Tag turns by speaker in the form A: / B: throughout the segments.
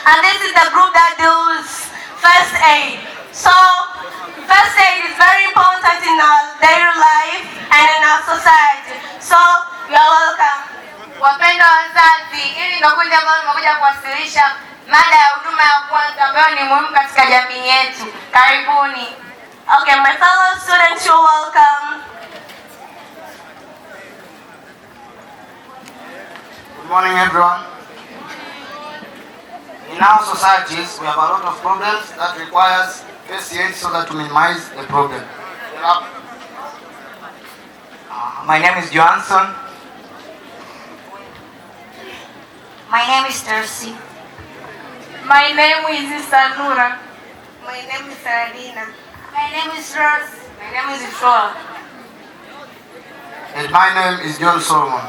A: And this is the group that deals first aid. So first aid is very important in our daily life and in our society. So you're welcome. Wapenda wazazi, hili ndio kundi ambalo nimekuja kuwasilisha mada ya huduma ya kwanza ambayo ni muhimu katika jamii yetu. Karibuni. Okay, my fellow students, you're welcome.
B: Good morning everyone. In our societies, we have a lot of problems that requires SEN so that to minimize the problem. Uh, my name is Johansson.
C: My name is Darcy.
D: My name is Sanura.
E: My name is Sarina.
F: My name is Rose.
G: My name is Flora.
B: And my name is John Solomon.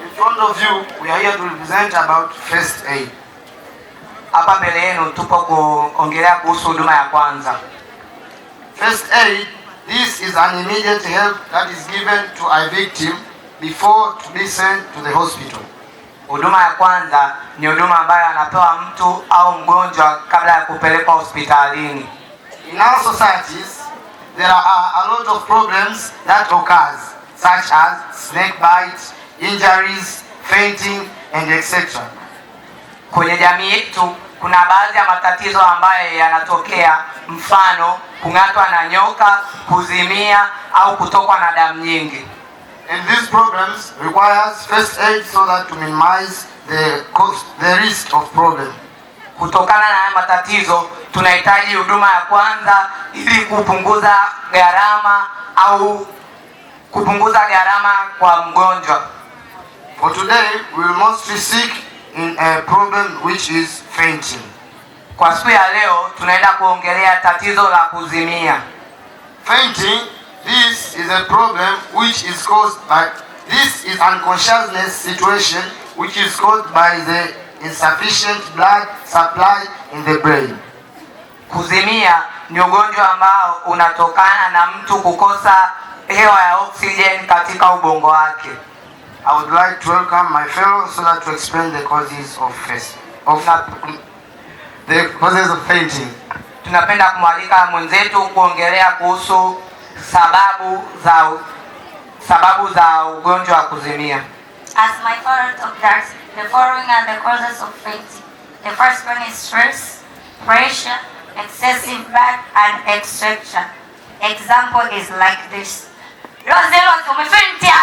B: In front of you, we are here to represent about first aid. hapa mbele yenu tupo kuongelea kuhusu huduma ya kwanza. First aid, this is an immediate help that is given to a victim before to be sent to the hospital. Huduma ya kwanza ni huduma ambayo anapewa mtu au mgonjwa kabla ya kupelekwa hospitalini. In our societies, there are a lot of problems that occurs, such as snake bites, injuries, fainting and etc. Kwenye jamii yetu kuna baadhi ya matatizo ambayo yanatokea, mfano kung'atwa na nyoka, kuzimia au kutokwa na damu nyingi. And these programs requires first aid so that to minimize the cost, the risk of problem. Kutokana na haya matatizo tunahitaji huduma ya kwanza ili kupunguza gharama au kupunguza gharama kwa mgonjwa. For today we will mostly seek a problem which is fainting. Kwa siku ya leo tunaenda kuongelea tatizo la kuzimia. Fainting, this is a problem which is caused by this is unconsciousness situation which is caused by the insufficient blood supply in the brain. Kuzimia ni ugonjwa ambao unatokana na mtu kukosa hewa ya oxygen katika ubongo wake. I would like to welcome my fellow scholar to explain the causes of face, of the causes of fainting. Tunapenda kumwalika mwenzetu kuongelea kuhusu sababu
C: za sababu za ugonjwa wa kuzimia. As my father observes, the following are the causes of fainting. The first one is stress, pressure, excessive blood and extraction. Example is like this. Lozelo, umefaintia.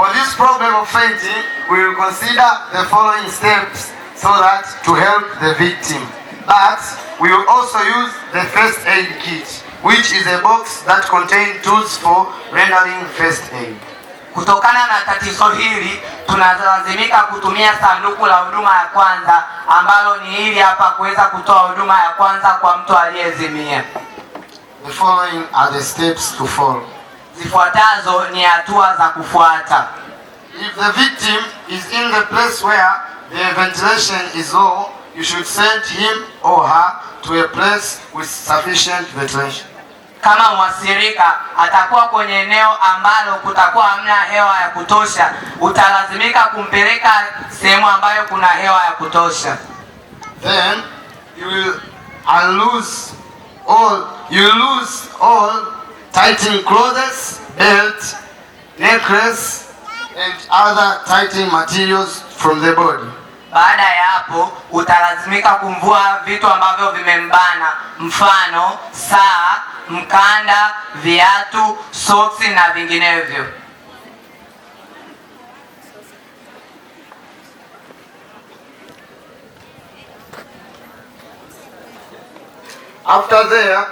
B: For this problem of fainting, we will consider the following steps so that to help the victim. But we will also use the first aid kit, which is a box that contains tools for rendering first aid. Kutokana na tatizo hili tunalazimika kutumia sanduku la huduma ya kwanza ambalo ni hili hapa kuweza kutoa huduma ya kwanza kwa mtu aliyezimia. The following are the steps to follow. Zifuatazo ni hatua za kufuata. If the victim is in the place where the ventilation is low, you should send him or her to a place with sufficient ventilation. Kama mwasirika atakuwa kwenye eneo ambalo kutakuwa hamna hewa ya kutosha, utalazimika kumpeleka sehemu ambayo kuna hewa ya kutosha. Then you will lose all, you lose all tighten clothes, belt, necklace and other tighten materials from the body. Baada ya hapo utalazimika kumvua vitu ambavyo vimembana, mfano saa, mkanda, viatu, soksi na vinginevyo. After there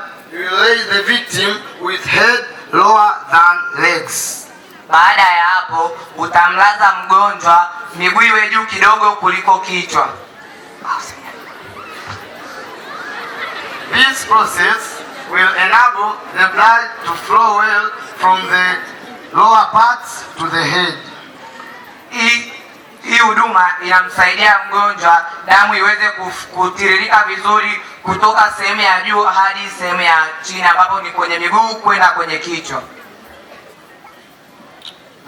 B: baada ya hapo utamlaza mgonjwa miguu iwe juu kidogo kuliko kichwa. This process will enable the blood to flow well from the lower parts to the head. Hii huduma inamsaidia mgonjwa damu iweze kutiririka vizuri kutoka sehemu ya juu hadi sehemu ya chini ambapo ni kwenye miguu kwenda kwenye kichwa.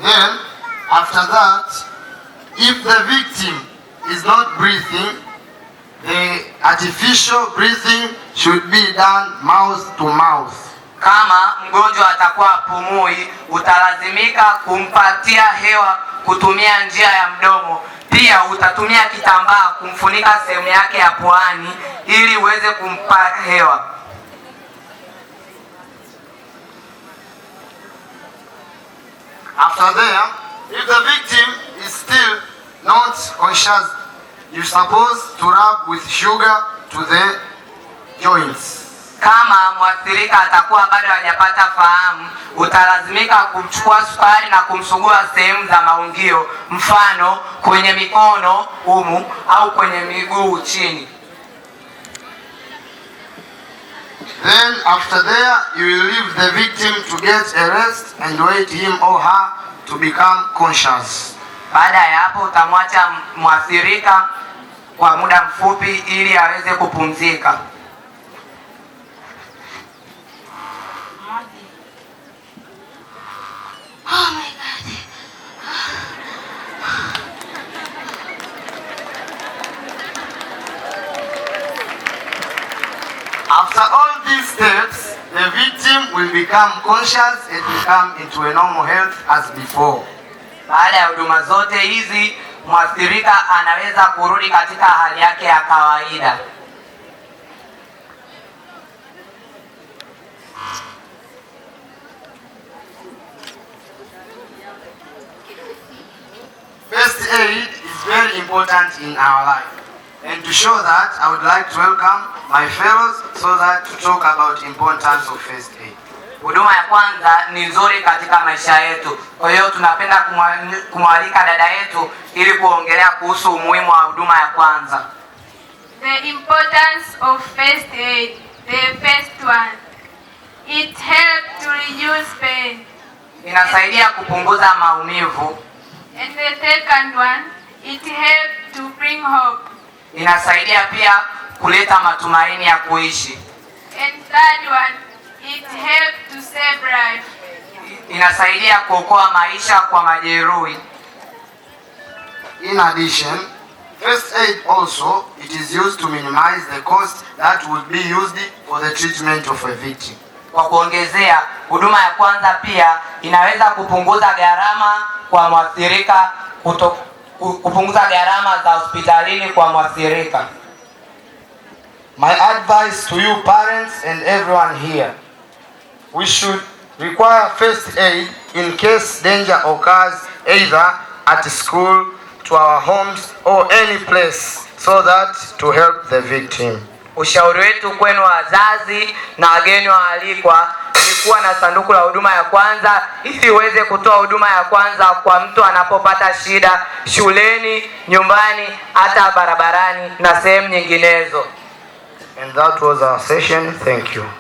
B: Then after that if the victim is not breathing the artificial breathing should be done mouth to mouth. Kama mgonjwa atakuwa pumui, utalazimika kumpatia hewa kutumia njia ya mdomo. Pia utatumia kitambaa kumfunika sehemu yake ya puani ili uweze kumpa hewa. After there, if the victim is still not conscious, you're supposed to rub with sugar to the joints. Kama mwathirika atakuwa bado hajapata fahamu, utalazimika kumchukua sukari na kumsugua sehemu za maungio, mfano kwenye mikono umu au kwenye miguu chini. Then after there you will leave the victim to get a rest and wait him or her to become conscious. Baada ya hapo utamwacha mwathirika kwa muda mfupi ili aweze kupumzika. will become conscious and become into a normal health as before. Baada ya huduma zote hizi mwathirika anaweza kurudi katika hali yake ya kawaida. First aid is very important in our life. And to show that, I would like to welcome my fellows so that to talk about importance of first aid. Huduma ya kwanza ni nzuri katika maisha yetu. Kwa hiyo tunapenda
H: kumwalika dada yetu ili kuongelea kuhusu umuhimu wa huduma ya kwanza. The importance of first aid. The first one. It helps to reduce pain. Inasaidia kupunguza maumivu. And the second one, it helps to bring hope. Inasaidia pia kuleta matumaini ya kuishi. And third one, It helped to save life. Inasaidia kuokoa maisha kwa
B: majeruhi. In addition, first aid also it is used to minimize the cost that would be used for the treatment of a victim. Kwa kuongezea, huduma ya kwanza pia inaweza kupunguza gharama kwa mwathirika kuto, kupunguza gharama za hospitalini kwa mwathirika. My advice to you parents and everyone here we should require first aid in case danger occurs either at school, to our homes or any place so that to help the victim. Ushauri wetu kwenu wazazi na wageni waalikwa ni kuwa na sanduku la huduma ya kwanza ili uweze kutoa huduma ya kwanza kwa mtu anapopata shida shuleni, nyumbani, hata barabarani na sehemu nyinginezo. And that was our session. Thank you.